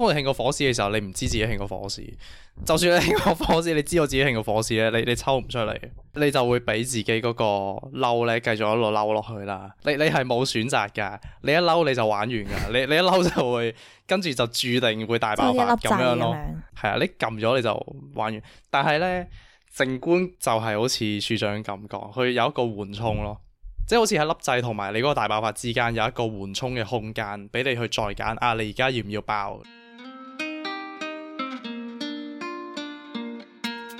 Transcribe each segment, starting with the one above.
因為慶個火絲嘅時候，你唔知自己慶個火絲。就算你慶個火絲，你知道自己慶個火絲咧，你你抽唔出嚟，你就會俾自己嗰個嬲咧，繼續一路嬲落去啦。你你係冇選擇噶，你一嬲你就玩完噶。你你一嬲就會跟住就注定會大爆發咁樣咯。係啊，你撳咗你就玩完。但係呢，靜觀就係好似處長咁講，佢有一個緩衝咯，即係好似喺粒掣同埋你嗰個大爆發之間有一個緩衝嘅空間，俾你去再揀啊。你而家要唔要爆？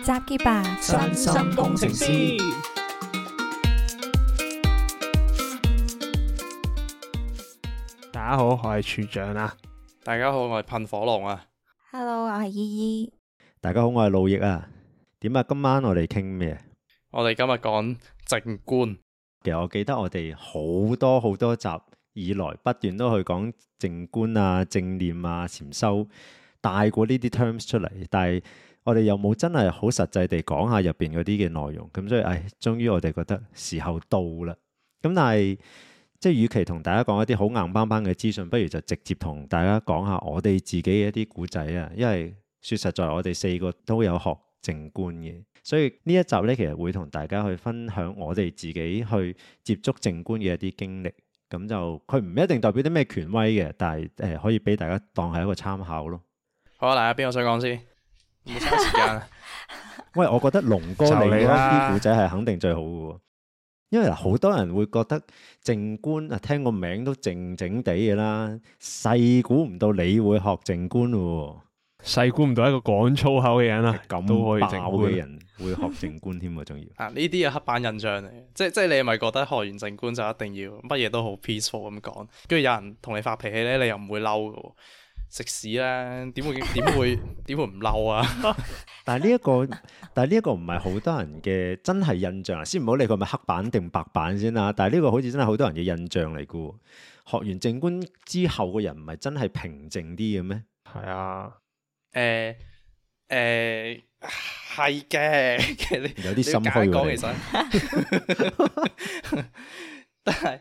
集結吧，身心工程師。大家好，我係處長啊。大家好，我係噴火龍啊。Hello，我係依依。大家好，我係老易啊。點啊？今晚我哋傾咩？我哋今日講靜觀。其實我記得我哋好多好多集以來，不斷都去講靜觀啊、正念啊、禪修，帶過呢啲 terms 出嚟，但係。我哋有冇真係好實際地講下入邊嗰啲嘅內容？咁所以，唉，終於我哋覺得時候到啦。咁但係，即係與其同大家講一啲好硬邦邦嘅資訊，不如就直接同大家講下我哋自己嘅一啲古仔啊。因為說實在，我哋四個都有學靜觀嘅，所以呢一集呢，其實會同大家去分享我哋自己去接觸靜觀嘅一啲經歷。咁就佢唔一定代表啲咩權威嘅，但係誒、呃、可以俾大家當係一個參考咯。好啊，大家邊個想講先？冇時間 喂，我覺得龍哥 你嗰啲古仔係肯定最好嘅喎，因為好多人會覺得靜觀啊，聽個名都靜靜地嘅啦，細估唔到你會學靜觀喎，細估唔到一個講粗口嘅人啊，咁、嗯、這樣 都可以靜觀嘅人會學靜觀添啊，仲要啊呢啲係黑板印象嚟嘅， 即即係你係咪覺得學完靜觀就一定要乜嘢都好 peaceful 咁講，跟住有人同你發脾氣咧，你又唔會嬲嘅喎？食屎啦！點會點會點會唔嬲啊？ 但係呢一個，但係呢一個唔係好多人嘅真係印象啊。先唔好理佢咪黑板定白板先啦。但係呢個好似真係好多人嘅印象嚟嘅喎。學完靜觀之後嘅人唔係真係平靜啲嘅咩？係啊，誒誒係嘅，有啲心虛嘅。其實， 但係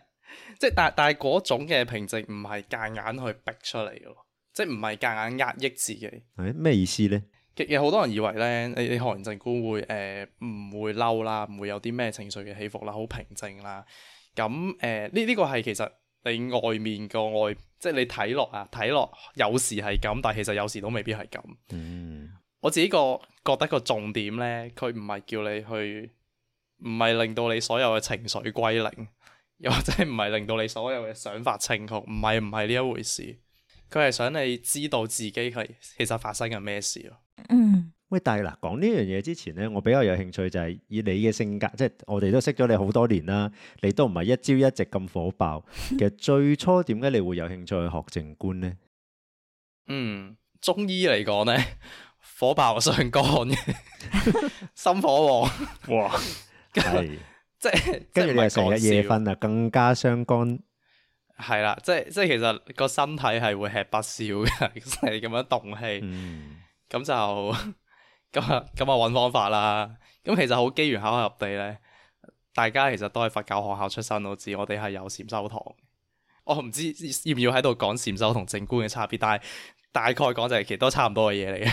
即係但係但係嗰種嘅平靜唔係夾硬去逼出嚟咯。即係唔係夾硬壓抑自己？係咩意思呢？其實有好多人以為呢，你學完靜觀會誒唔、呃、會嬲啦，唔會有啲咩情緒嘅起伏啦，好平靜啦。咁誒呢呢個係其實你外面個外，即係你睇落啊，睇落有時係咁，但係其實有時都未必係咁。嗯，我自己個覺得個重點呢，佢唔係叫你去，唔係令到你所有嘅情緒歸零，又或者唔係令到你所有嘅想法正確，唔係唔係呢一回事。佢係想你知道自己係其實發生緊咩事咯。嗯。喂，但係嗱，講呢樣嘢之前咧，我比較有興趣就係以你嘅性格，即係我哋都識咗你好多年啦，你都唔係一朝一夕咁火爆。其實最初點解你會有興趣去學靜觀咧？嗯，中醫嚟講咧，火爆傷肝嘅， 心火旺。哇，係， 即係跟住你成日夜瞓啊，更加傷肝。係啦，即係即係，其實個身體係會吃不少嘅，係 咁樣動氣，咁、mm. 就咁啊咁啊，揾方法啦。咁其實好機緣巧合地咧，大家其實都係佛教學校出身我，我知我哋係有禪修堂。我唔知要唔要喺度講禪修同靜觀嘅差別，但係大概講就係其實都差唔多嘅嘢嚟嘅。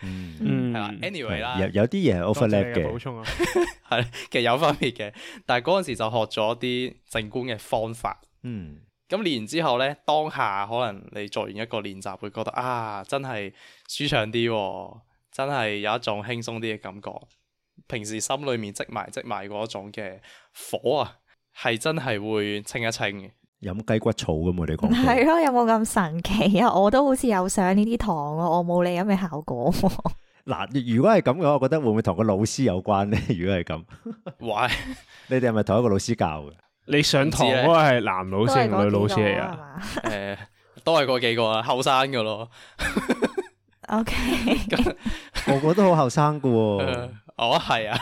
嗯，a n y w a y 啦，有有啲嘢係 overlap 嘅，補充啊，係 其實有分別嘅。但係嗰陣時就學咗啲正觀嘅方法，嗯，咁練完之後呢，當下可能你做完一個練習，會覺得啊，真係舒暢啲，哦，真係有一種輕鬆啲嘅感覺。平時心裏面積埋積埋嗰種嘅火啊，係真係會清一清。飲雞骨草咁，我哋講係咯，有冇咁神奇啊？我都好似有上呢啲堂哦，我冇你咁嘅效果。嗱， 如果係咁嘅話，我覺得會唔會同個老師有關咧？如果係咁， 喂，你哋係咪同一個老師教嘅？你上堂嗰個係男老師定女老師嚟啊？誒，都係個幾個啊，後生嘅咯。OK，我覺得好後生嘅。哦，係啊，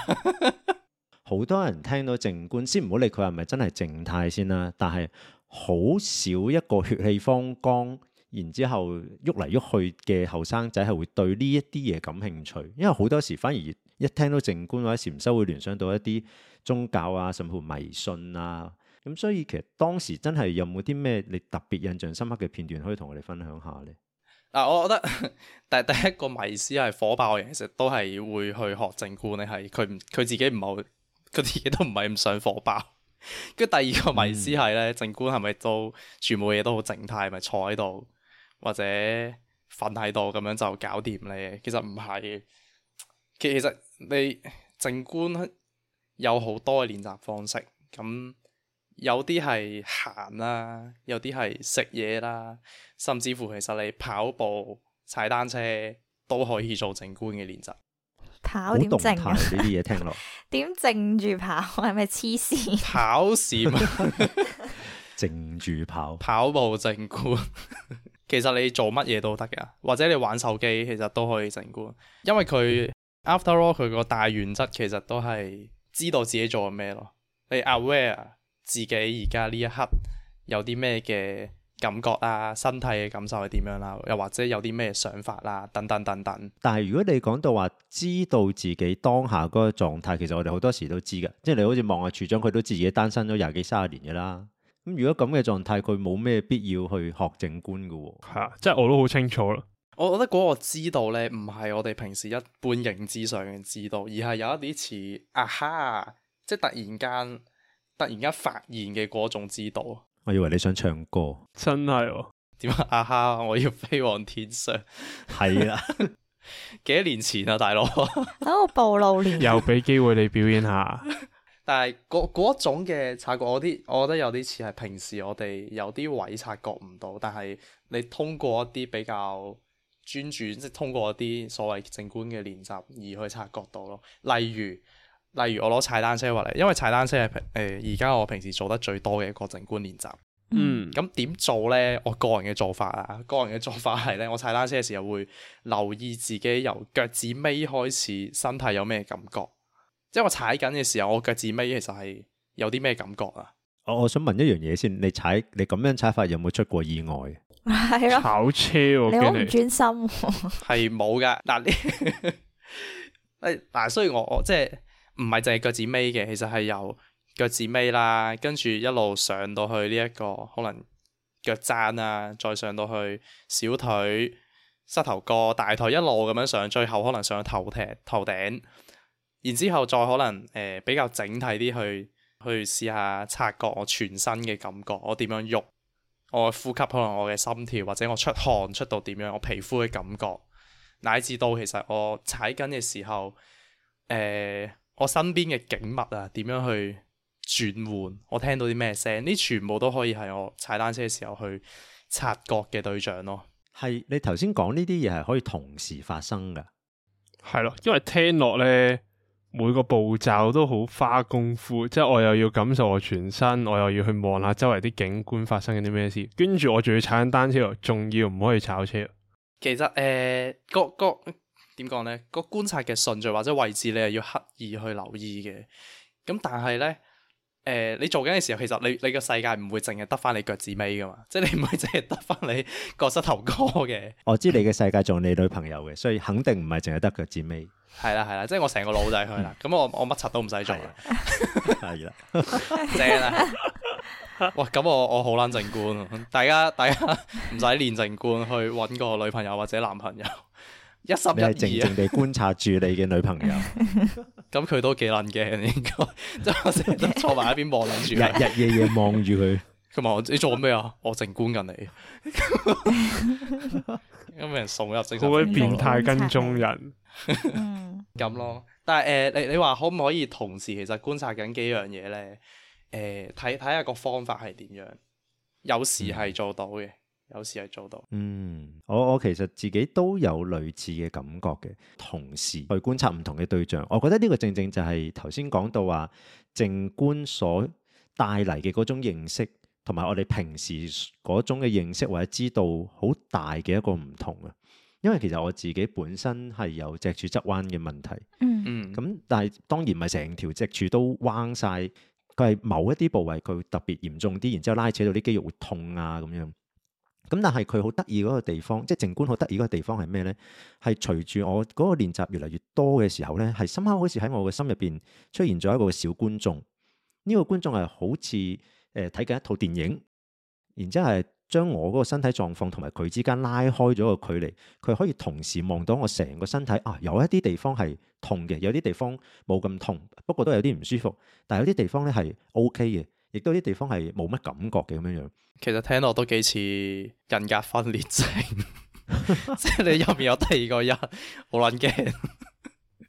好多人聽到靜觀先唔好理佢係咪真係靜態先啦，但係。好少一個血氣方剛，然之後喐嚟喐去嘅後生仔係會對呢一啲嘢感興趣，因為好多時反而一聽到靜觀或者禪修，會聯想到一啲宗教啊，甚至乎迷信啊。咁、嗯、所以其實當時真係有冇啲咩你特別印象深刻嘅片段可以同我哋分享下咧？嗱、啊，我覺得第第一個迷思係火爆型，其實都係會去學靜觀。你係佢唔佢自己唔係，嗰啲嘢都唔係唔想火爆。跟第二個迷思係咧、嗯，靜觀係咪都全部嘢都好靜態，咪坐喺度或者瞓喺度咁樣就搞掂咧？其實唔係，其其實你靜觀有好多嘅練習方式，咁有啲係行啦，有啲係食嘢啦，甚至乎其實你跑步、踩單車都可以做靜觀嘅練習。跑點靜啊！呢啲嘢聽落點靜住跑？係咪黐線？跑線靜住跑、跑步靜觀， 其實你做乜嘢都得噶，或者你玩手機其實都可以靜觀，因為佢、嗯、after all 佢個大原則其實都係知道自己做緊咩咯。你 aware 自己而家呢一刻有啲咩嘅？感覺啊，身體嘅感受係點樣啦、啊，又或者有啲咩想法啦、啊，等等等等。但係如果你講到話知道自己當下嗰個狀態，其實我哋好多時都知嘅，即係你好似望下處長，佢都自己單身咗廿幾三十年嘅啦。咁如果咁嘅狀態，佢冇咩必要去學靜觀嘅喎、啊。吓、啊，即係我都好清楚咯。我覺得嗰個知道咧，唔係我哋平時一般認知上嘅知道，而係有一啲似啊哈，即係突然間突然間發現嘅嗰種知道。我以為你想唱歌，真係點、哦、啊！阿哈，我要飛往天上，係啦，幾多年前啊，大佬，等 啊、我暴露年，又俾機會你表演下。 但係嗰嗰種嘅察覺，我啲我覺得有啲似係平時我哋有啲位察覺唔到，但係你通過一啲比較專注，即係通過一啲所謂靜觀嘅練習而去察覺到咯，例如。例如我攞踩單車話嚟，因為踩單車係誒而家我平時做得最多嘅一個靜觀練習。嗯，咁點做呢？我個人嘅做法啊，個人嘅做法係呢：我踩單車嘅時候會留意自己由腳趾尾開始，身體有咩感覺。即係我踩緊嘅時候，我腳趾尾其實係有啲咩感覺啊？我我想問一樣嘢先，你踩你咁樣踩法有冇出過意外？的炒車喎，你都唔專心。係冇㗎，但你誒嗱，所以我我即係。唔係淨係腳趾尾嘅，其實係由腳趾尾啦，跟住一路上到去呢、這、一個可能腳踭啊，再上到去小腿、膝頭哥、大腿一路咁樣上，最後可能上到頭、頭頂，然之後再可能誒、呃、比較整體啲去去試下察覺我全身嘅感覺，我點樣喐，我嘅呼吸可能我嘅心跳或者我出汗出到點樣，我皮膚嘅感覺，乃至到其實我踩緊嘅時候誒。呃我身邊嘅景物啊，點樣去轉換？我聽到啲咩聲？呢全部都可以係我踩單車嘅時候去察覺嘅對象咯。係你頭先講呢啲嘢係可以同時發生噶。係咯，因為聽落咧每個步驟都好花功夫，即係我又要感受我全身，我又要去望下周圍啲景觀發生緊啲咩事，跟住我仲要踩緊單車，仲要唔可以炒車。其實誒、呃，各，各點講咧？呢那個觀察嘅順序或者位置，你係要刻意去留意嘅。咁但係咧，誒、呃，你做緊嘅時候，其實你你個世界唔會淨係得翻你腳趾尾噶嘛，即、就、係、是、你唔會淨係得翻你個膝頭哥嘅。我知你嘅世界做你女朋友嘅，所以肯定唔係淨係得腳趾尾。係啦係啦，即係、就是、我成個腦仔去佢啦。咁 我我乜柒都唔使做啦，係啦，正啦，啊。哇，咁我我好捻靜觀，大家大家唔使練靜觀去搵個女朋友或者男朋友。你係靜靜地觀察住你嘅女朋友，咁佢都幾撚驚，應該即係我成日坐埋一邊望住，日日夜夜望住佢。佢問我，你做緊咩啊？我靜觀緊你，咁畀人送入精神？好鬼變態跟蹤人咁咯。但係誒，你你話可唔可以同時其實觀察緊幾樣嘢咧？誒，睇睇下個方法係點樣，有時係做到嘅。有時係做到，嗯，我我其實自己都有類似嘅感覺嘅。同時去觀察唔同嘅對象，我覺得呢個正正就係頭先講到話靜觀所帶嚟嘅嗰種認識，同埋我哋平時嗰種嘅認識或者知道好大嘅一個唔同啊。因為其實我自己本身係有脊柱側彎嘅問題，嗯嗯，咁、嗯、但係當然唔係成條脊柱都彎晒，佢係某一啲部位佢特別嚴重啲，然之後拉扯到啲肌肉會痛啊咁樣。咁但係佢好得意嗰個地方，即係靜觀好得意嗰個地方係咩咧？係隨住我嗰個練習越嚟越多嘅時候咧，係深刻好似喺我嘅心入邊出現咗一個小觀眾。呢個觀眾係好似誒睇緊一套電影，然之後係將我嗰個身體狀況同埋佢之間拉開咗個距離。佢可以同時望到我成個身體啊，有一啲地方係痛嘅，有啲地方冇咁痛，不過都有啲唔舒服。但係有啲地方咧係 OK 嘅。亦都啲地方係冇乜感覺嘅咁樣樣。其實聽落都幾似人格分裂症，即係你入面有第二個人，好撚驚。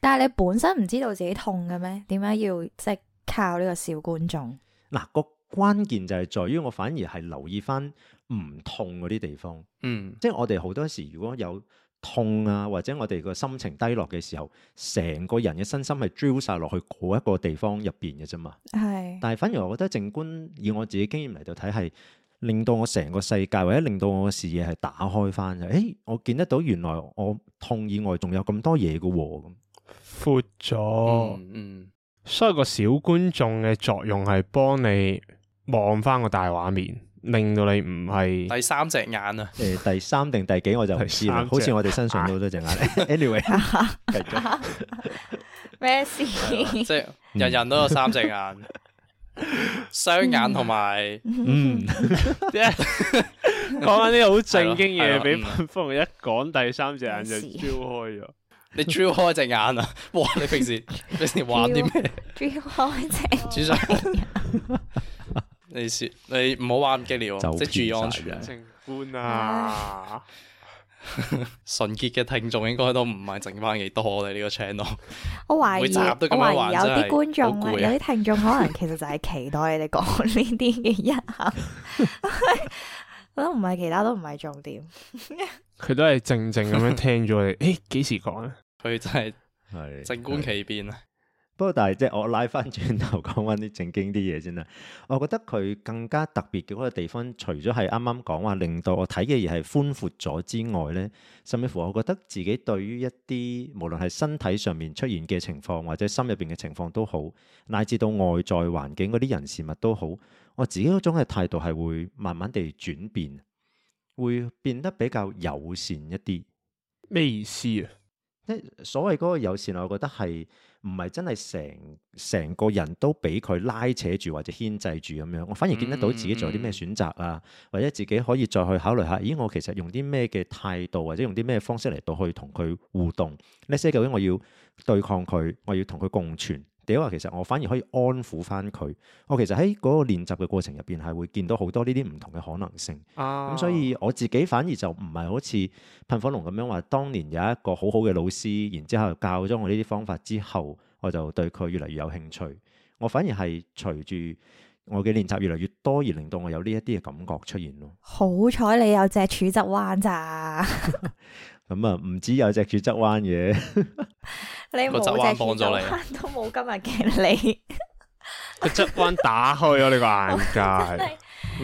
但係你本身唔知道自己痛嘅咩？點解要即係、就是、靠呢個小觀眾？嗱、啊，個關鍵就係在於我反而係留意翻唔痛嗰啲地方。嗯，即係 我哋好多時如果有。痛啊，或者我哋個心情低落嘅時候，成個人嘅身心係鑽晒落去嗰一個地方入邊嘅啫嘛。係是，但係反而我覺得靜觀，以我自己經驗嚟到睇，係令到我成個世界或者令到我嘅視野係打開翻就，誒，我見得到原來我痛以外仲有咁多嘢嘅，啊，闊咗了。嗯，所以個小觀眾嘅作用係幫你望翻個大畫面。令到你唔係第三隻眼啊！誒，第三定第幾我就唔知啦。好似我哋身上都好多隻眼咧。Anyway，咩事？即係人人都有三隻眼，雙眼同埋嗯，講緊啲好正經嘢，俾潘風一講，第三隻眼就睜開咗。你睜開隻眼啊！哇！你平時平時你係畫啲咩？睜開隻眼，其實。你唔好玩激烈喎，即係注意安全。靜觀啊，啊 純潔嘅聽眾應該都唔係剩翻幾多我哋呢個 channel。我懷疑，懷疑有啲觀眾有啲聽眾可能其實就係期待你哋講呢啲嘅一刻，都唔係其他都唔係重點。佢 都係靜靜咁樣聽咗你，誒幾、 欸、時講咧？佢真係靜觀其變啊！ 不過但係，即係我拉翻轉頭講翻啲正經啲嘢先啦。我覺得佢更加特別嘅嗰個地方，除咗係啱啱講話令到我睇嘅嘢係寬闊咗之外咧，甚至乎我覺得自己對於一啲無論係身體上面出現嘅情況，或者心入邊嘅情況都好，乃至到外在環境嗰啲人事物都好，我自己嗰種嘅態度係會慢慢地轉變，會變得比較友善一啲。咩意思啊？即係所謂嗰個友善，我覺得係。唔係真係成成個人都俾佢拉扯住或者牽制住咁樣，我反而見得到自己做啲咩選擇啊，嗯嗯，或者自己可以再去考慮下，咦我其實用啲咩嘅態度或者用啲咩方式嚟到去同佢互動？呢啲究竟我要對抗佢，我要同佢共存？其實我反而可以安撫翻佢？我其實喺嗰個練習嘅過程入邊係會見到好多呢啲唔同嘅可能性。咁、oh. 嗯、所以我自己反而就唔係好似噴火龍咁樣話，當年有一個好好嘅老師，然之後教咗我呢啲方法之後，我就對佢越嚟越有興趣。我反而係隨住我嘅練習越嚟越多，而令到我有呢一啲嘅感覺出現咯。好彩你有隻柱側彎咋？ 咁啊，唔止、嗯、有隻柱側彎嘅，你冇隻柱側彎幫咗你，都冇今日嘅你。個側彎打開咗你個眼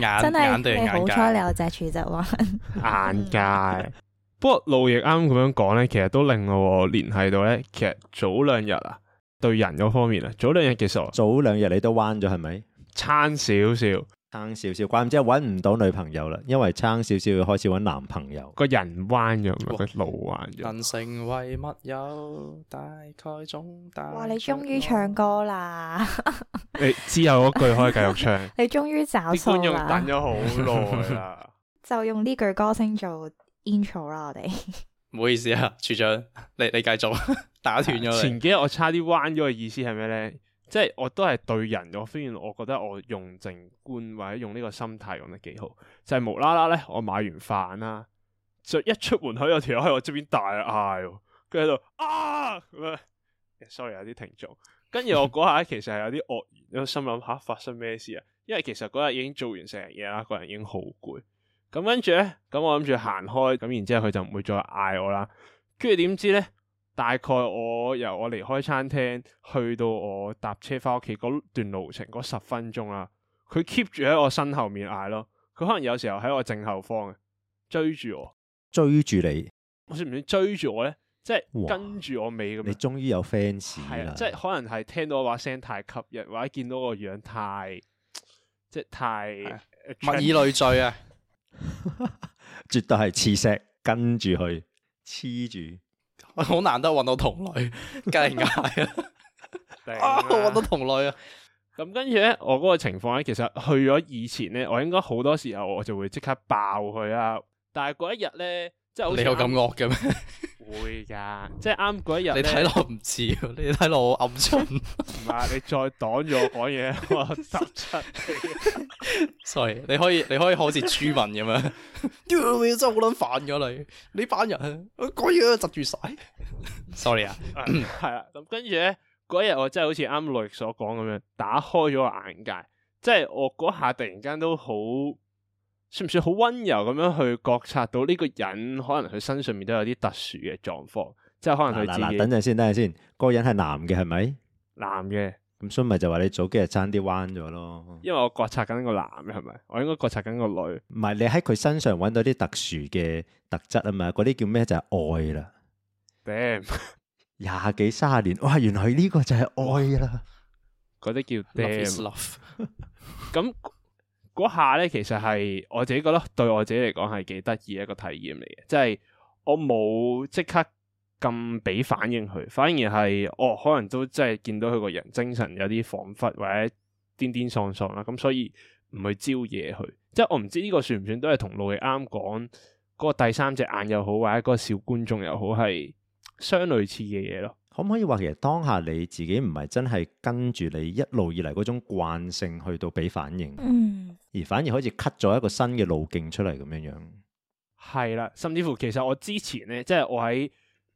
界， 真的眼真係好彩你有隻柱側彎。眼，眼界， 眼界。不過路易啱咁樣講咧，其實都令我聯繫到咧，其實早兩日啊，對人嗰方面啊，早兩日其實早兩日你都彎咗係咪？差少少。撐少少，怪唔之係搵唔到女朋友啦，因為撐少少開始搵男朋友，個人彎咗，個哇路彎咗。人成為乜有？大概中大中。哇，你終於唱歌啦！你、 欸、之後嗰句可以繼續唱。 你終於找數啦！啲觀眾等咗好耐啦， 就用呢句歌聲做 intro 啦，我哋。唔好意思啊，處長，你你繼續，打斷咗你。前幾日我差啲彎咗嘅意思係咩咧？即係我都係對人，我發現我覺得我用靜觀或者用呢個心態用得幾好，就係、是、無啦啦咧，我買完飯啦、啊，就一出門口有條友喺我側邊大嗌、啊，跟住喺度啊咁樣、啊啊。sorry 有啲停咗，跟住我嗰下其實係有啲愕然，心諗下、啊、發生咩事啊？因為其實嗰日已經做完成嘢啦，個人已經好攰。咁跟住咧，咁我諗住行開，咁然之後佢就唔會再嗌我啦。跟住點知咧？大概我由我離開餐廳去到我搭車翻屋企嗰段路程嗰十分鐘啦，佢 keep 住喺我身後面嗌咯，佢可能有時候喺我正後方嘅追住我，追住你，我算唔算追住我咧？即係跟住我尾咁。你終於有 fans 啦、啊，即係可能係聽到我把聲太吸引，或者見到個樣太嘖即係太、哎、呀 attractive 物以類聚啊， 絕對係磁石跟住去黐住。好 難得揾到同類，梗係嗌啊！我揾到同類啊，咁、 嗯、跟住咧，我嗰個情況咧，其實去咗以前咧，我應該好多時候我就會即刻爆佢啊，但係嗰一日咧。即係你有咁惡嘅咩？會噶的， 即係啱嗰一日你睇落唔似，你睇落好暗春。唔係，你再擋住我講嘢，我窒七」。sorry，你可以你可以好似豬文咁樣。 屌 你真好卵煩咗你呢班人，我講嘢都窒住晒。 sorry 啊，係 啊！咁跟住咧，嗰一日我真係好似啱來所講咁樣，打開咗眼界，即係我嗰下突然間都好。算唔算好溫柔咁樣去覺察到呢個人，可能佢身上面都有啲特殊嘅狀況，即係可能佢自己。嗱嗱，等陣先，等陣先。等等個人係男嘅係咪？男嘅。咁所以咪就話你早幾日差啲彎咗咯。因為我覺察緊個男嘅係咪？我應該覺察緊個女。唔係，你喺佢身上揾到啲特殊嘅特質啊嘛？嗰啲叫咩？就係愛啦。Damn！廿幾 三十年，哇！原來呢個就係愛啦。嗰啲叫 love, is love。咁。嗰下咧，其實係我自己覺得對我自己嚟講係幾得意一個體驗嚟嘅，即係我冇即刻咁俾反應佢，反而係哦，可能都即係見到佢個人精神有啲恍惚或者癲癲喪喪啦，咁所以唔去招惹佢。即係我唔知呢個算唔算都係同路易啱講嗰個第三隻眼又好，或者嗰個小觀眾又好，係相類似嘅嘢咯。可唔可以話，其實當下你自己唔係真係跟住你一路以嚟嗰種慣性去到俾反應，嗯、而反而好似 cut 咗一個新嘅路徑出嚟咁樣樣。係啦，甚至乎其實我之前咧，即係我喺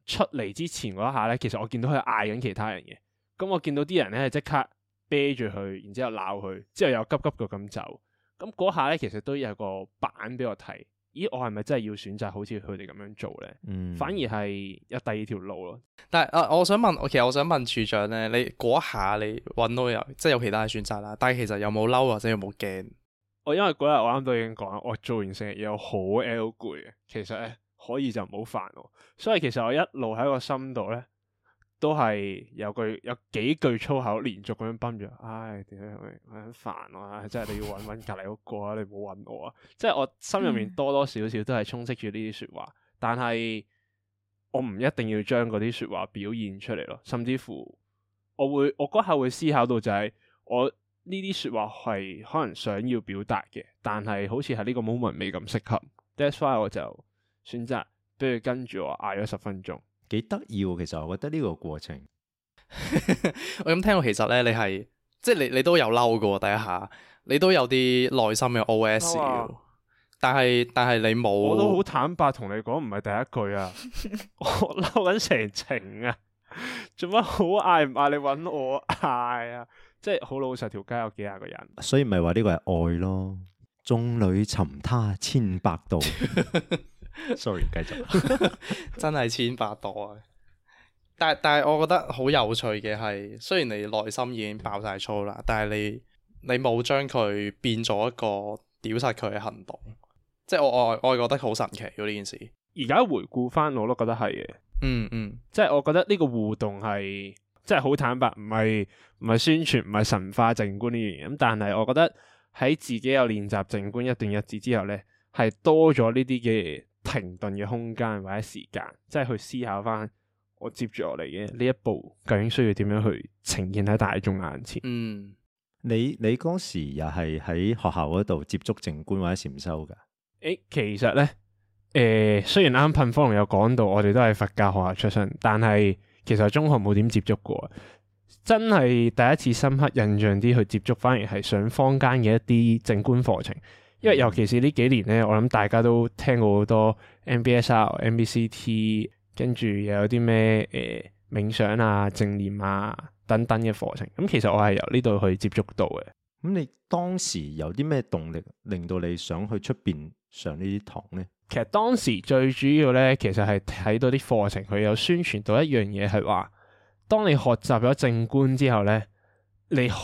出嚟之前嗰一下咧，其實我見到佢嗌緊其他人嘅，咁我見到啲人咧即刻啤住佢，然之後鬧佢，之後又急急腳咁走，咁嗰下咧其實都有個板俾我睇。咦，我係咪真係要選擇好似佢哋咁樣做咧？嗯、反而係有第二條路咯。但係我、啊、我想問，我其實我想問處長咧，你嗰下你揾到有即係有其他嘅選擇啦，但係其實有冇嬲或者有冇驚？我因為嗰日我啱都已經講，我做完成日要好 l 攰，其實咧可以就唔好煩我，所以其實我一路喺個心度咧。都係有句有幾句粗口連續咁樣崩住，唉、哎，點解會？我好煩啊！真係 你要揾揾隔籬嗰個啊，你唔好揾我啊！即係我心入面多多少少都係充斥住呢啲說話，嗯、但係我唔一定要將嗰啲說話表現出嚟咯。甚至乎我，我會我嗰刻會思考到就係、是、我呢啲說話係可能想要表達嘅，但係好似係呢個 moment 未咁適合。 That's why 我就選擇不如跟住我嗌咗十分鐘。幾得意喎，其實我覺得呢個過程，我咁、 嗯、聽到，其實咧，你係即係你你都有嬲嘅，第一下你都有啲內心嘅 O.S.，哦啊、但係但係你冇，我都好坦白同你講，唔係第一句啊， 我嬲緊成情啊，做乜好嗌唔嗌，你揾我嗌啊，即係好老實，條街有幾廿個人，所以唔係話呢個係愛咯，眾裏尋他千百度。Sorry，繼續， 真係千百多啊！但係但係，我覺得好有趣嘅係，雖然你內心已經爆晒粗啦，但係你你冇將佢變咗一個屌殺佢嘅行動，即係我我我覺得好神奇嗰呢件事。而家回顧翻，我都覺得係嘅、嗯，嗯嗯，即係我覺得呢個互動係即係好坦白，唔係唔係宣傳，唔係神化靜觀呢樣嘢。咁但係我覺得喺自己有練習靜觀一段日子之後呢，係多咗呢啲嘅。停頓嘅空間或者時間，即係去思考翻我接住落嚟嘅呢一步，嗯、究竟需要點樣去呈現喺大眾眼前？嗯，你你嗰時又係喺學校嗰度接觸靜觀或者禪修噶？誒、欸，其實呢，誒、欸，雖然啱啱噴火龍有講到，我哋都係佛教學校出身，但係其實中學冇點接觸過，真係第一次深刻印象啲去接觸，反而係上坊間嘅一啲靜觀課程。因為尤其是呢幾年呢，我諗大家都聽過好多 MBSR MBCT，跟住又有啲咩誒冥想啊、正念啊等等嘅課程。咁、嗯、其實我係由呢度去接觸到嘅。咁你當時有啲咩動力令到你想去出邊上呢啲堂呢？其實當時最主要呢，其實係睇到啲課程佢有宣傳到一樣嘢，係話當你學習咗正觀之後呢，你可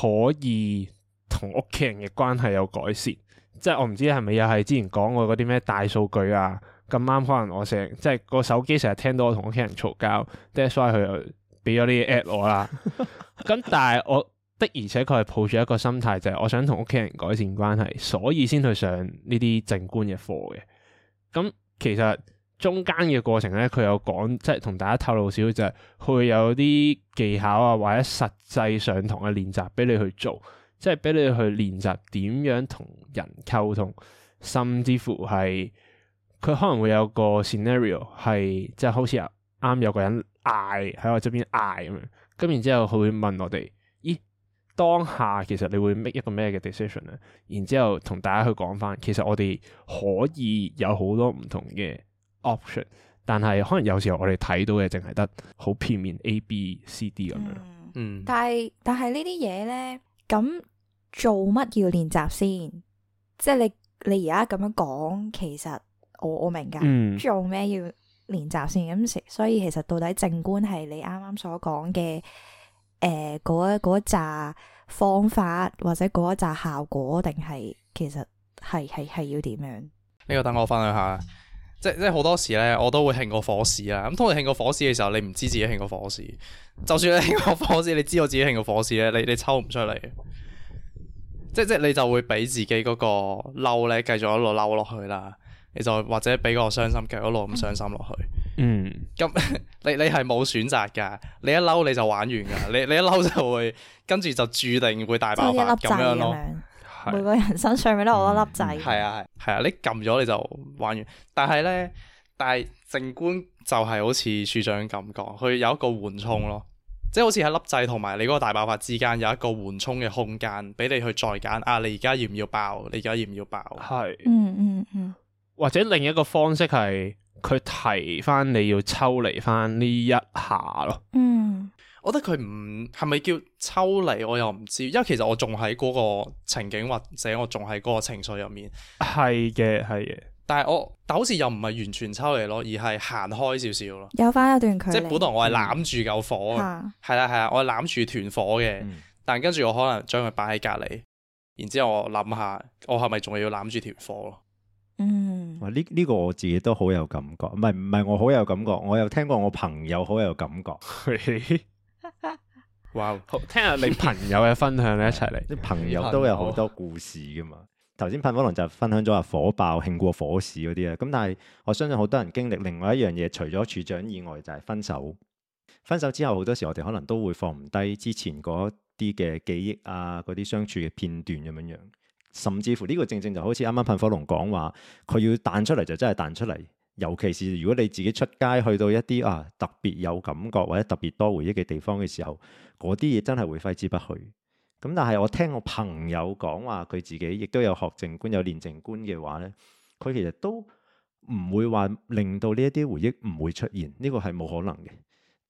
以同屋企人嘅關係有改善。即係我唔知係咪又係之前講過嗰啲咩大數據啊，咁啱，可能我成即係個手機成日聽到我同屋企人嘈交，That's why 佢又俾咗啲 at 我啦。咁 但係我的而且確係抱住一個心態，就係、是、我想同屋企人改善關係，所以先去上呢啲靜觀嘅課嘅。咁其實中間嘅過程咧，佢有講即係同大家透露少少，就係佢有啲技巧啊，或者實際上堂嘅練習俾你去做。即係俾你去練習點樣同人溝通，甚至乎係佢可能會有個 scenario 係即係好似啱有，有個人嗌喺我側邊嗌咁樣，咁然之後佢會問我哋：咦，當下其實你會 make 一個咩嘅 decision 啊？然之後同大家去講翻，其實我哋可以有好多唔同嘅 option，但係可能有時候我哋睇到嘅淨係得好片面，A、B、C、D 咁樣。嗯，嗯，但係但係，呢啲嘢咧咁。做乜要練習先？即係你你而家咁樣講，其實我我明噶，嗯、做咩要練習先？咁、嗯、所以其實到底靜觀係你啱啱所講嘅誒嗰一嗰扎方法，或者嗰一扎效果，定係其實係係係要點樣？呢個等我分享下，即係即係好多時咧，我都會慶過火試啦。咁通常慶過火試嘅時候，你唔知自己慶過火試。就算你慶過火試，你知我自己慶過火試咧，你你，你抽唔出嚟。即即你就會俾自己嗰個嬲咧，繼續一路嬲落去啦。你就或者俾個傷心，繼續一路咁傷心落去。嗯。咁你你係冇選擇㗎。你一嬲你就玩完㗎。你你一嬲就會 跟住就注定會大爆發咁樣咯。每個人身上面都有一粒掣。係是、嗯、啊係係啊！你撳咗你就玩完。但係呢，但係靜觀就係好似處長咁講，佢有一個緩衝咯。即係好似喺粒掣同埋你嗰個大爆發之間有一個緩衝嘅空間，俾你去再揀。啊，你而家要唔要爆？你而家要唔要爆？係，嗯嗯嗯。嗯，或者另一個方式係佢提翻你要抽離翻呢一下咯。嗯，我覺得佢唔係咪叫抽離，我又唔知。因為其實我仲喺嗰個情景或者我仲喺嗰個情緒入面。係嘅，係嘅。但係我，但好似又唔係完全抽離咯，而係行開少少咯，有翻一段距離。即係本來我係攬住嚿火嘅，係啦係啦，我攬住團火嘅，嗯、但跟住我可能將佢擺喺隔籬，然之後我諗下我是是，我係咪仲要攬住團火咯？嗯，哇，呢呢、這個我自己都好有感覺，唔係唔係我好有感覺，我有聽過我朋友好有感覺。哇 Really? Wow.，聽下你朋友嘅分享咧 一齊嚟，即 朋友都有好多故事噶嘛。頭先噴火龍就分享咗話火爆興過火事嗰啲啊，咁但係我相信好多人經歷另外一樣嘢，除咗處長以外，就係分手。分手之後好多時，我哋可能都會放唔低之前嗰啲嘅記憶啊，嗰啲相處嘅片段咁樣樣，甚至乎呢個正正就好似啱啱噴火龍講話，佢要彈出嚟就真係彈出嚟。尤其是如果你自己出街去到一啲啊特別有感覺或者特別多回憶嘅地方嘅時候，嗰啲嘢真係會揮之不去。咁但係我聽我朋友講話，佢自己亦都有學靜觀，有練靜觀嘅話咧，佢其實都唔會話令到呢一啲回憶唔會出現，呢個係冇可能嘅。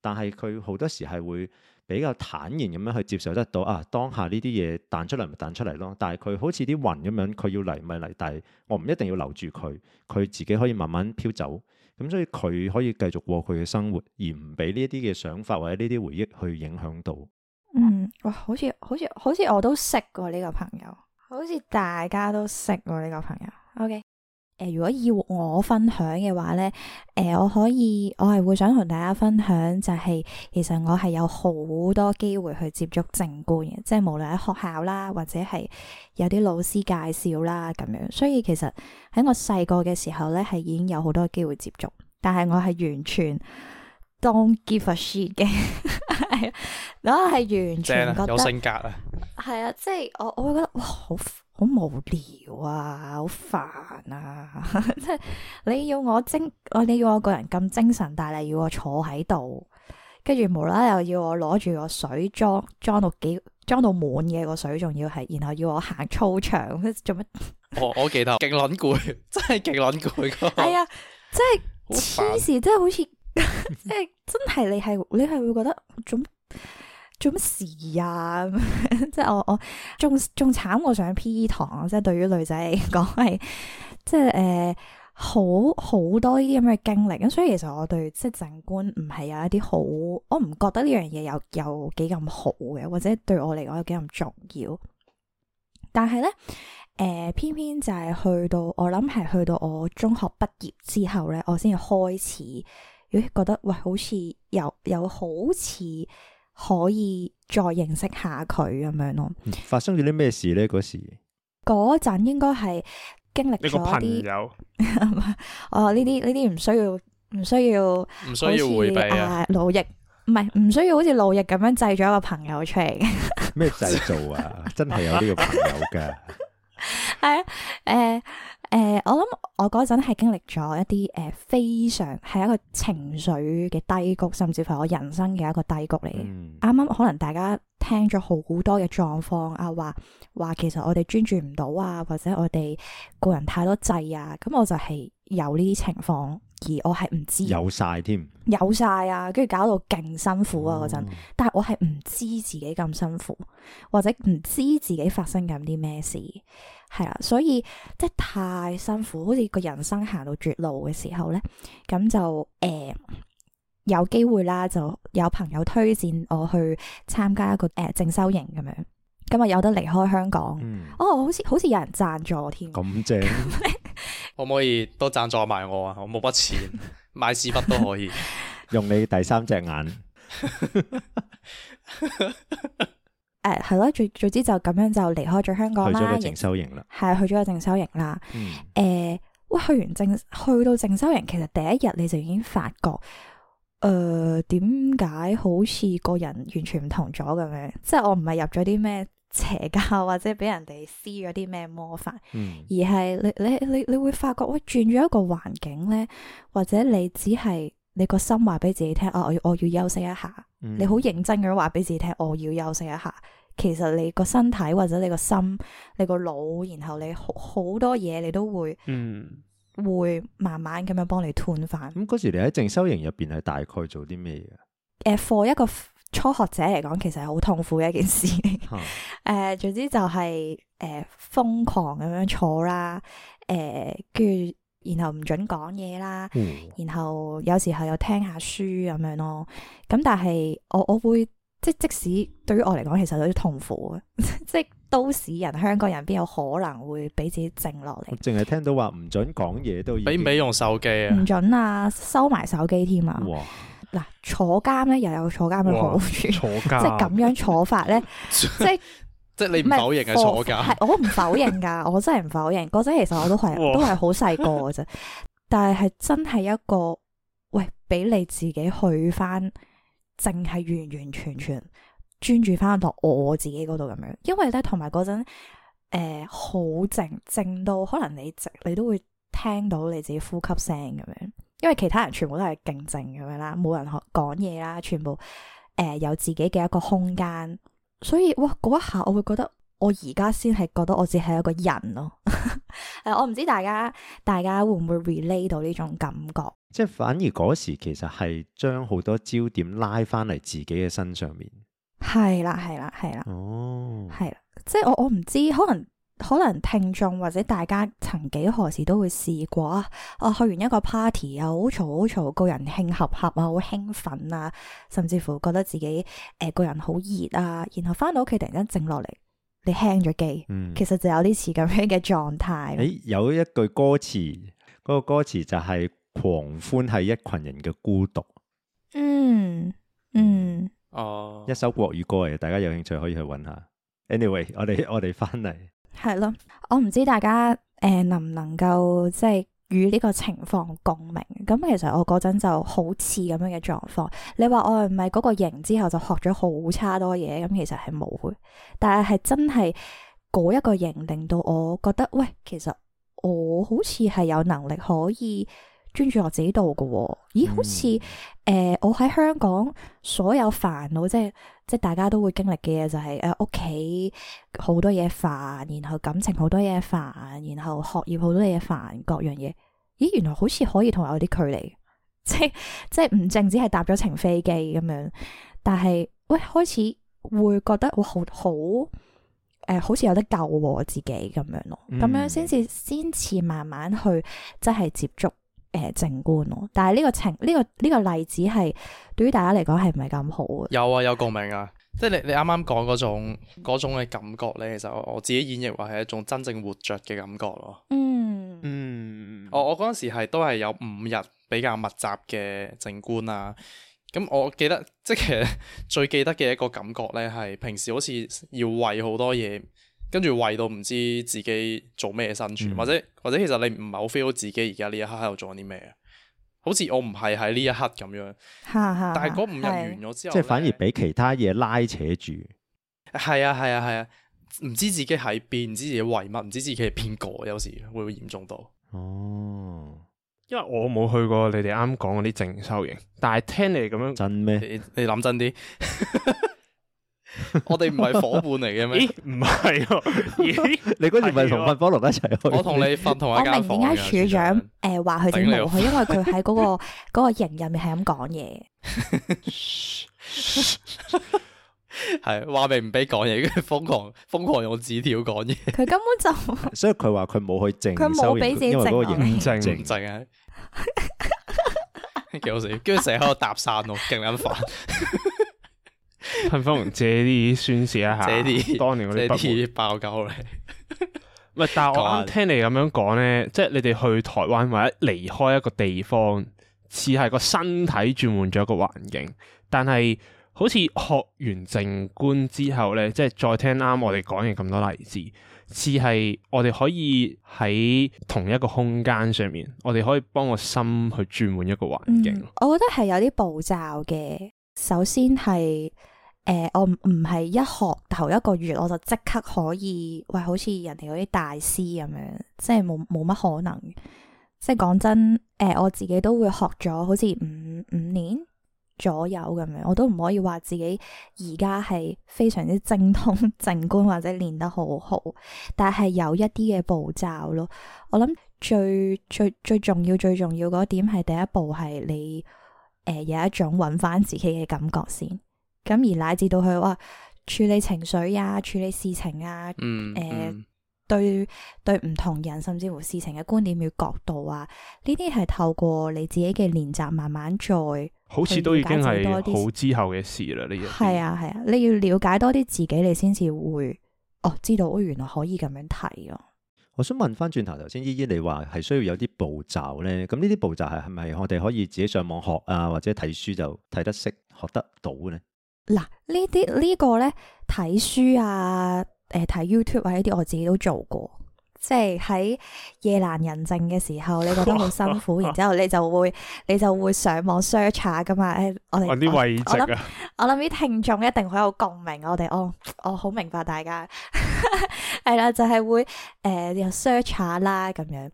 但係佢好多時係會比較坦然咁樣去接受得到啊，當下呢啲嘢彈出嚟咪彈出嚟咯。但係佢好似啲雲咁樣，佢要嚟咪嚟，但係我唔一定要留住佢，佢自己可以慢慢飄走。咁所以佢可以繼續過佢嘅生活，而唔俾呢一啲嘅想法或者呢啲回憶去影響到。嗯，哇，好似好似好似我都識個呢、這個朋友，好似大家都識個呢、這個朋友。OK，誒、呃，如果要我分享嘅話呢，誒、呃，我可以，我係會想同大家分享、就是，就係其實我係有好多機會去接觸靜觀嘅，即係無論喺學校啦，或者係有啲老師介紹啦咁樣。所以其實喺我細個嘅時候呢，係已經有好多機會接觸，但係我係完全。當 give a shit 嘅，嗰個係完全有性格啊，係啊、uh,，即係我我會覺得哇，好好無聊啊，好煩啊！即係你要我精，你要我個人咁精神，大，係要我坐喺度，跟住無啦啦又要我攞住個水裝裝到幾裝到滿嘢個水，仲要係，然後要我行操場，做乜？我我記得，勁撚攰，真係勁撚攰噶。係啊，即係黐線，真係好似。即係 真係，你係你係會覺得做乜做乜事啊？ 即係我我仲仲慘，我上 P E 堂即係對於女仔嚟講係，即係誒、呃、好好多呢啲咁嘅經歷。咁所以其實我對即係靜觀唔係有一啲好，我唔覺得呢樣嘢有有幾咁好嘅，或者對我嚟講有幾咁重要。但係咧，誒、呃，偏偏就係去到我諗係去到我中學畢業之後咧，我先開始。如覺得喂，好似又又好似可以再認識下佢咁樣咯、嗯。發生咗啲咩事咧？嗰時嗰陣應該係經歷咗啲。你個朋友？ 哦，呢啲呢啲唔需要，唔需要，唔需要回像避啊！奴、啊、役唔係唔需要，好似奴役咁樣製咗一個朋友出嚟。咩 製造啊？真係有呢個朋友噶？係誒、 啊。呃誒，uh, 我諗我嗰陣係經歷咗一啲誒，uh, 非常係一個情緒嘅低谷，甚至乎係我人生嘅一個低谷嚟嘅。啱啱，mm. 可能大家聽咗好多嘅狀況啊，話話其實我哋專注唔到啊，或者我哋個人太多掣啊，咁我就係有呢啲情況。而我係唔知有晒添，有晒啊！跟住搞到勁辛苦啊嗰陣，哦、但係我係唔知自己咁辛苦，或者唔知自己發生緊啲咩事，係啊，所以即係太辛苦，好似個人生行到絕路嘅時候咧，咁就誒、呃、有機會啦，就有朋友推薦我去參加一個誒、呃、靜修營咁樣，咁啊有得離開香港。嗯、哦，好似好似有人贊助添，咁正。可唔可以多贊助埋我啊？我冇筆錢， 買屎忽都可以。 用你第三隻眼。誒，係咯，最總之就咁樣就離開咗香港啦。去咗個淨修營啦。係去咗個淨修營啦。誒，哇！去完正，去到淨修營，其實第一日你就已經發覺，誒、呃，點解好似個人完全唔同咗咁樣？即係我唔係入咗啲咩？邪教或者俾人哋施咗啲咩魔法，嗯、而係你你你你會發覺，喂，轉咗一個環境呢？或者你只係你個心話俾自己聽，啊，我我要休息一下，嗯、你好認真咁話俾自己聽，我要休息一下。其實你個身體或者你個心、你個腦，然後你好，好多嘢，你都會、嗯、會慢慢咁樣幫你斷翻。咁嗰、嗯、時你喺靜修營入邊係大概做啲咩嘅？誒、呃，for 一個。初學者嚟講，其實係好痛苦嘅一件事啊。誒、 呃，總之就係、是、誒、呃、瘋狂咁樣坐啦，誒，跟住然後唔準講嘢啦，哦，然後有時候又聽下書咁樣咯。咁但係我我會即即使對於我嚟講，其實有啲痛苦啊。 即都市人、香港人邊有可能會俾自己靜落嚟？淨係聽到話唔準講嘢都俾唔俾用手機啊？唔準啊，收埋手機添啊！哇嗱，坐監咧又有坐監嘅好處，坐監即係咁樣坐法咧， 即係即係你唔否認係坐監，係我唔否認噶， 我真係唔否認。嗰陣 其實我都係，哇都係好細個嘅啫，但係係真係一個喂，俾你自己去翻，淨係完完全全專注翻到我自己嗰度咁樣，因為咧同埋嗰陣誒好靜，靜到、呃、可能你靜你都會聽到你自己呼吸聲咁樣。因為其他人全部都係勁靜咁樣啦，冇人講嘢啦，全部誒、呃、有自己嘅一個空間，所以哇嗰一下我會覺得我而家先係覺得我只係一個人咯、啊。誒、 呃，我唔知大家大家會唔會 relate 到呢種感覺？即係反而嗰時其實係將好多焦點拉翻嚟自己嘅身上面。係啦係啦係啦。哦，係啦即係我我唔知可能。可能聽眾或者大家曾幾何時都會試過啊！我、啊、去完一個 party 啊，好嘈好嘈，個人興合合啊，好興奮啊，甚至乎覺得自己誒、呃、個人好熱啊，然後返到屋企突然間靜落嚟，你輕咗機，嗯、其實就有啲似咁樣嘅狀態。誒、欸、有一句歌詞，嗰、那個歌詞就係、是《狂歡》係一群人嘅孤獨。嗯嗯，哦、嗯，嗯 uh, 一首國語歌嚟，大家有興趣可以去揾下。Anyway，我哋我哋返嚟。係咯，我唔知大家誒、呃、能唔能夠即係與呢個情況共鳴。咁其實我嗰陣就好似咁樣嘅狀況。你話我係咪嗰個型之後就學咗好差多嘢？咁其實係冇嘅，但係係真係嗰一個型令到我覺得，喂，其實我好似係有能力可以。專注我自己度嘅、哦、咦？嗯、好似誒、呃，我喺香港所有煩惱，即係即係大家都會經歷嘅嘢，就係誒屋企好多嘢煩，然後感情好多嘢煩，然後學業好多嘢煩，各樣嘢咦？原來好似可以同我有啲距離，即係即係唔淨止係搭咗程飛機咁樣，但係喂開始會覺得我好好誒，好似、呃、有得救我自己咁樣咯。咁、嗯、樣先至先至慢慢去即係接觸。誒，靜觀咯，但係呢個情呢個呢個例子係對於大家嚟講係唔係咁好啊？有啊，有共鳴啊，即係你你啱啱講嗰種嗰種嘅感覺咧，其實我自己演繹話係一種真正活着嘅感覺咯。嗯嗯，我我嗰時係都係有五日比較密集嘅靜觀啊。咁我記得，即係最記得嘅一個感覺咧，係平時好似要餵好多嘢。跟住為到唔知自己做咩生存，或者、嗯、或者其實你唔係好 feel 自己而家呢一刻喺度做緊啲咩？好似我唔係喺呢一刻咁樣， 但係嗰五日完咗之後，即係反而俾其他嘢拉扯住。係啊係啊係啊，唔知自己喺邊，唔知自己為乜，唔知自己係邊個，有時會會嚴重到。哦，因為我冇去過你哋啱啱講嗰啲靜觀營，但係聽你哋咁樣真咩嗎？你你諗真啲。 我哋唔係夥伴嚟嘅咩？唔係啊？咦？你嗰時咪同麥波龍一齊去？我同你瞓同一間房。我明點解處長誒話佢冇去，因為佢喺嗰個嗰個營入面係咁講嘢。係話你唔俾講嘢，跟住瘋狂瘋狂用紙條講嘢。佢根本就，所以佢話佢冇去靜，佢冇俾自己靜，靜唔靜啊？幾好笑，跟住成日喺度搭訕我，勁撚煩。噴風借啲宣洩一下， 借啲些當年嗰啲爆溝嚟。唔係，但係我啱聽你咁樣講咧，即係 你哋去台灣或者離開一個地方，似係個身體轉換咗一個環境。但係好似學完靜觀之後咧，即係再聽啱我哋講嘅咁多例子，似係我哋可以喺同一個空間上面，我哋可以幫個心去轉換一個環境，嗯。我覺得係有啲步驟嘅，首先係。誒、呃，我唔唔係一學頭一個月，我就即刻可以喂，好似人哋嗰啲大師咁樣，即係冇冇乜可能。即係講真，誒、呃，我自己都會學咗好似五五年左右咁樣，我都唔可以話自己而家係非常之精通靜觀或者練得好好，但係有一啲嘅步驟咯。我諗最最最重要最重要嗰點係第一步係你誒、呃、有一種搵返自己嘅感覺先。咁而乃至到佢話處理情緒啊、處理事情啊、誒對對唔同人甚至乎事情嘅觀點與角度啊，呢啲係透過你自己嘅練習慢慢再，好似都已經係好之後嘅事啦。呢係啊係啊，你要了解多啲自己，你先至會哦知道哦原來可以咁樣睇咯。我想問翻轉頭，頭先姨姨你話係需要有啲步驟咧，咁呢啲步驟係係咪我哋可以自己上網學啊，或者睇書就睇得識學得到咧？嗱，這個、呢啲呢個咧睇書啊，誒、呃、睇 YouTube 啊，呢啲我自己都做過，即係喺夜闌人靜嘅時候，你覺得好辛苦， 然之後你就會你就會上網 search 下噶嘛。哎、我哋揾啲位置我諗啲聽眾一定好有共鳴。我哋，哦，我、哦、好、哦、明白大家係啦， 就係、是、會誒又 search 下啦，咁樣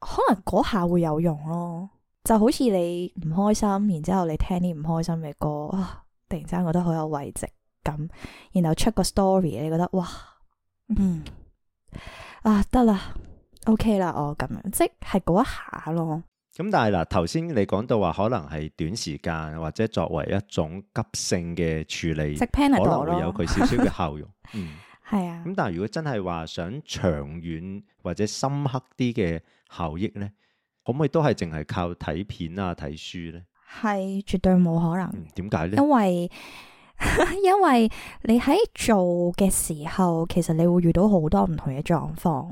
可能嗰下會有用咯，就好似你唔開心，然之後你聽啲唔開心嘅歌。突然間，覺得好有慰藉咁，然後出個 story，你覺得哇，嗯啊，得啦，OK 啦，我咁樣，即係嗰一下咯。咁、嗯、但係嗱，頭先你講到話，可能係短時間或者作為一種急性嘅處理，Japan 可能會有佢少少嘅效用。 嗯，係啊。咁但係如果真係話想長遠或者深刻啲嘅效益咧，可唔可以都係淨係靠睇片啊、睇書咧？係絕對冇可能，點解、嗯、呢？因為 因為你喺做嘅時候，其實你會遇到好多唔同嘅狀況，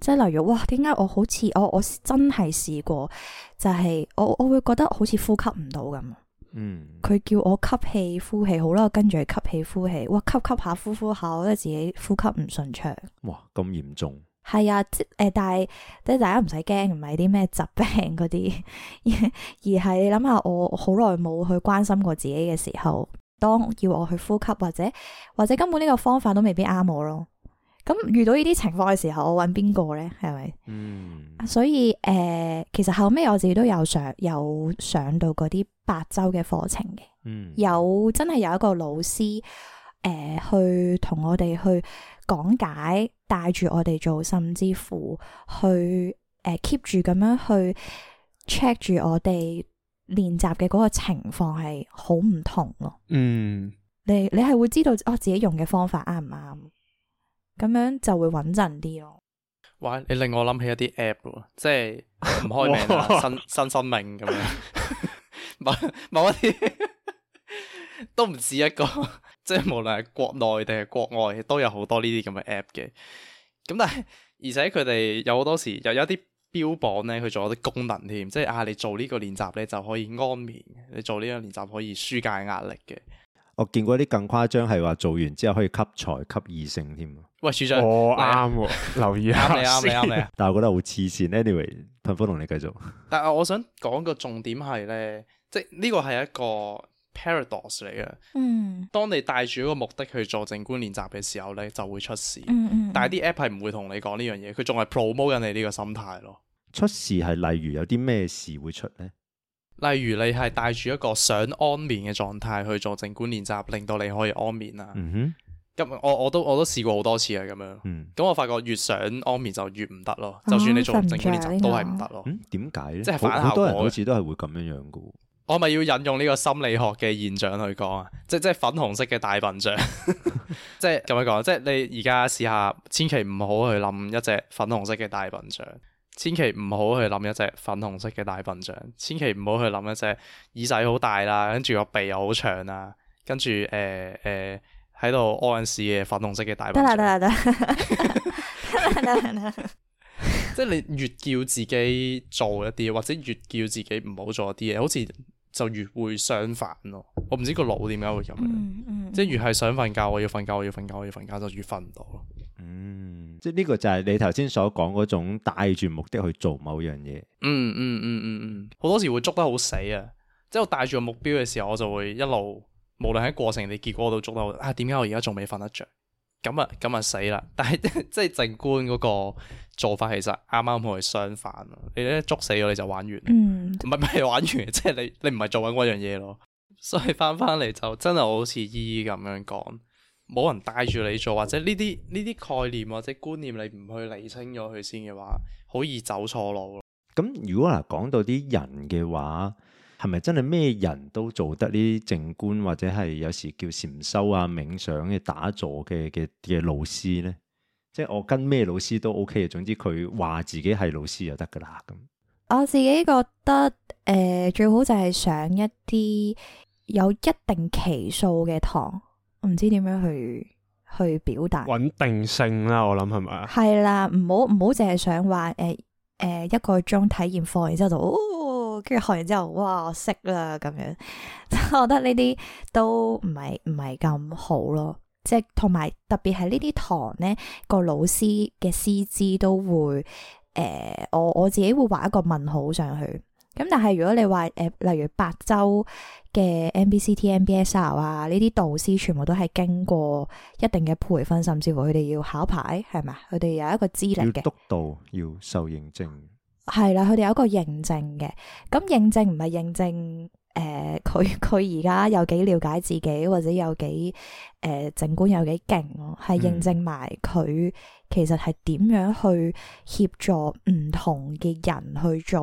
即係例如，哇，點解我好似我我真係試過，就係、是、我我會覺得好似呼吸唔到咁。嗯，佢叫我吸氣呼氣好啦，跟住吸氣呼氣，哇，吸吸下呼呼下，我覺得自己呼吸唔順暢。哇，咁嚴重！係啊，即誒、呃，但係即係大家唔使驚，唔係啲咩疾病嗰啲， 而係你諗下，我好耐冇去關心過自己嘅時候，當要我去呼吸或者或者根本呢個方法都未必啱我咯。咁遇到呢啲情況嘅時候，我揾邊個呢？係咪？嗯。所以，誒、呃，其實後尾我自己都有上有上到嗰啲八周嘅課程嘅，有真係有一個老師。誒、呃，去同我哋去講解，帶住我哋做，甚至乎去誒 keep 住咁樣去 check 住我哋練習嘅嗰個情況係好唔同咯。嗯你，你你係會知道哦自己用嘅方法啱唔啱，咁樣就會穩陣啲咯。哇，你令我諗起一啲 app 咯，即係唔開名哇 新新生命咁樣，冇冇一啲都唔止一個。 即係無論係國內定係國外，都有好多呢啲咁嘅 app 嘅。咁但係，而且佢哋有好多時又有一啲標榜咧，佢仲有啲功能添。即係啊，你做個練習呢個練習咧就可以安眠，你做呢個練習可以舒解壓力嘅。我見過啲更誇張，係話做完之後可以吸財吸異性添。喂，署長，我啱，留意下 你啱、啊、未？啱你？但係我覺得好黐線。Anyway，噴火龍同你繼續。但係我想講個重點係咧，即係呢個係一個。Paradox 嚟嘅，嗯、當你帶住一個目的去做靜觀練習嘅時候呢，就會出事。嗯嗯、但係啲 app 係唔會同你講呢樣嘢，佢仲係 promote 緊你呢個心態咯。出事係例如有啲咩事會出呢？例如你係帶住一個想安眠嘅狀態去做靜觀練習，令到你可以安眠啦、啊。咁、嗯、哼我我都我都，我都試過好多次啊，咁樣。咁、嗯、我發覺越想安眠就越唔得咯。就算你做靜觀練習都係唔得咯。嗯，點解呢？即係反效果嚟嘅。好多人好似都係會咁樣樣嘅。我咪要引用呢個心理學嘅現象去講啊，即係粉紅色嘅大笨象， 即係咁樣講，即係你而家試下，千祈唔好去諗一隻粉紅色嘅大笨象，千祈唔好去諗一隻粉紅色嘅大笨象，千祈唔好去諗一隻耳仔好大啦、啊，跟住個鼻又好長啦、啊，跟住誒誒喺度屙屎嘅粉紅色嘅大笨象。即係你越叫自己做一啲，或者越叫自己唔好做一啲嘢，好似。就越會相反咯，我唔知個腦點解會咁樣，嗯嗯、即係越係想瞓覺，我要瞓覺，我要瞓覺，我要瞓覺，覺，就越瞓唔到咯。嗯，即係呢個就係你頭先所講嗰種帶住目的去做某樣嘢。嗯嗯嗯嗯嗯，好多時會捉得好死啊！即係我帶住個目標嘅時候，我就會一路，無論喺過程你結果都捉得啊，點解我而家仲未瞓得着？咁啊咁啊死啦！但係即即係靜觀嗰個做法，其實啱啱同佢相反咯。你咧捉死咗你就玩完，唔係唔係玩完，即係你你唔係做緊嗰樣嘢咯。所以翻翻嚟就真係好似姨姨咁樣講，冇人帶住你做，或者呢啲呢啲概念或者觀念，你唔去理清咗佢先嘅話，好易走錯路咯。咁如果啊講到啲人嘅話。係咪真係咩人都做得呢啲靜觀或者係有時叫禪修啊冥想嘅打坐嘅嘅嘅老師咧？即係我跟咩老師都 O K 嘅，總之佢話自己係老師就得噶啦。咁我自己覺得誒、呃，最好就係上一啲有一定期數嘅堂，唔知點樣去去表達穩定性啦。我諗係咪啊？係啦，唔好唔好淨係想話誒誒一個鐘體驗課，然之後就。哦跟住學完之後，哇！識啦咁樣， 我覺得呢啲都唔係唔係咁好咯。即係同埋特別係呢啲堂咧，個老師嘅師資都會誒、呃，我我自己會畫一個問號上去。咁但係如果你話誒、呃，例如八週嘅 MBCT、MBSR 啊，呢啲導師全部都係經過一定嘅培訓，甚至乎佢哋要考牌，係咪？佢哋有一個資歷嘅。要督導，要受認證。係啦，佢哋有一個認證嘅，咁認證唔係認證誒，佢佢而家有幾了解自己，或者有幾誒靜觀有幾勁咯，係認證埋佢其實係點樣去協助唔同嘅人去做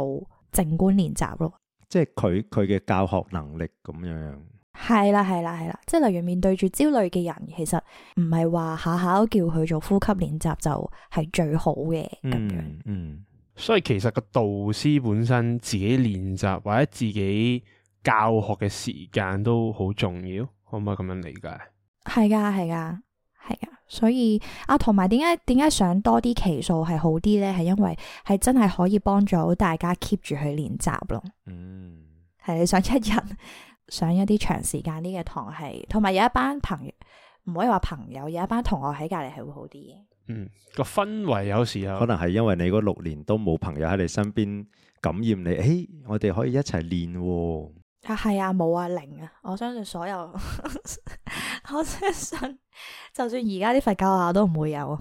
靜觀練習咯，即係佢佢嘅教學能力咁樣。係啦係啦係啦，即係例如面對住焦慮嘅人，其實唔係話下下都叫佢做呼吸練習就係最好嘅咁樣嗯。嗯。所以其實個導師本身自己練習或者自己教學嘅時間都好重要，可唔可以咁樣理解？係噶，係噶，係噶。所以啊，同埋點解點解想多啲期數係好啲呢？係因為係真係可以幫助大家 keep 住去練習咯。嗯，係你想一日上一啲長時間啲嘅堂係，同埋有，有一班朋唔可以話朋友，有一班同學喺隔籬係會好啲嘅。嗯，個氛圍有時候可能係因為你嗰六年都冇朋友喺你身邊感染你。誒、欸，我哋可以一齊練、哦。啊，係啊，冇啊，零啊，我相信所有， 我相信就算而家啲佛教學都唔會有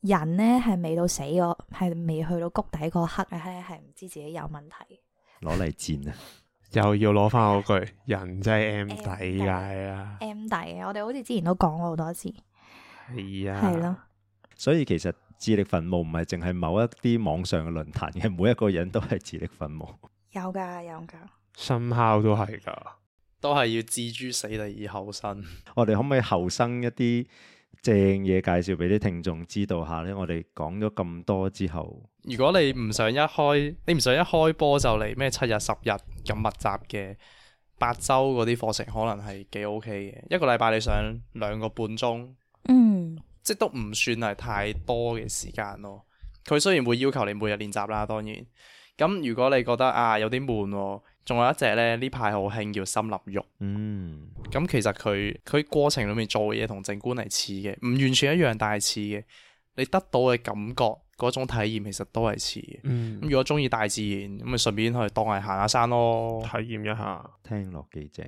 人咧，係未到死個，係未去到谷底嗰刻咧，係唔知自己有問題。攞嚟賤啊！ 又要攞翻嗰句，人真係 M 底㗎，係啊，M 底啊，我哋好似之前都講過好多次，係啊，係咯。所以其實智力墳墓唔係淨係某一啲網上嘅論壇嘅，每一個人都係智力墳墓。有噶，有噶，深考都係噶，都係要置諸死地而後生。 我哋可唔可以後生一啲正嘢介紹俾啲聽眾知道下呢？我哋講咗咁多之後，如果你唔想一開，你唔想一開波就嚟咩七日十日咁密集嘅八周嗰啲課程，可能係幾 OK 嘅。一個禮拜你上兩個半鐘，嗯。即都唔算係太多嘅時間咯。佢雖然會要求你每日練習啦，當然。咁如果你覺得啊有啲悶，哦，仲有一隻呢，呢排好興叫森林浴。嗯。咁其實佢佢過程裏面做嘅嘢同靜觀係似嘅，唔完全一樣，但係似嘅。你得到嘅感覺嗰種體驗其實都係似嘅。嗯。咁如果中意大自然，咁咪順便去當係行下山咯，體驗一下，聽落幾正。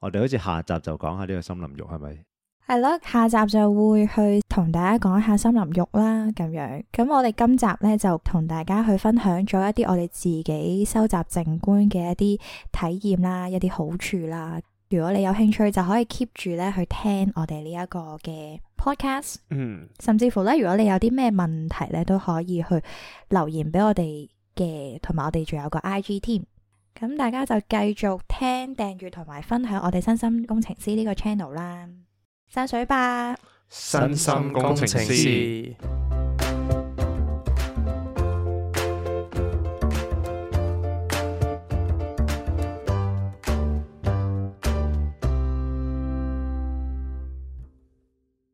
我哋好似下集就講下呢個森林浴係咪？係咯，下集就會去同大家講一下森林浴啦，咁樣咁我哋今集呢，就同大家去分享咗一啲我哋自己收集靜觀嘅一啲體驗啦，一啲好處啦。如果你有興趣，就可以 keep 住呢去聽我哋呢一個嘅 podcast，嗯，甚至乎呢，如果你有啲咩問題呢，都可以去留言俾我哋嘅，同埋我哋仲有個 I G 添。咁大家就繼續聽訂閱同埋分享我哋身心工程師呢個 channel 啦。山水吧，身心工程師。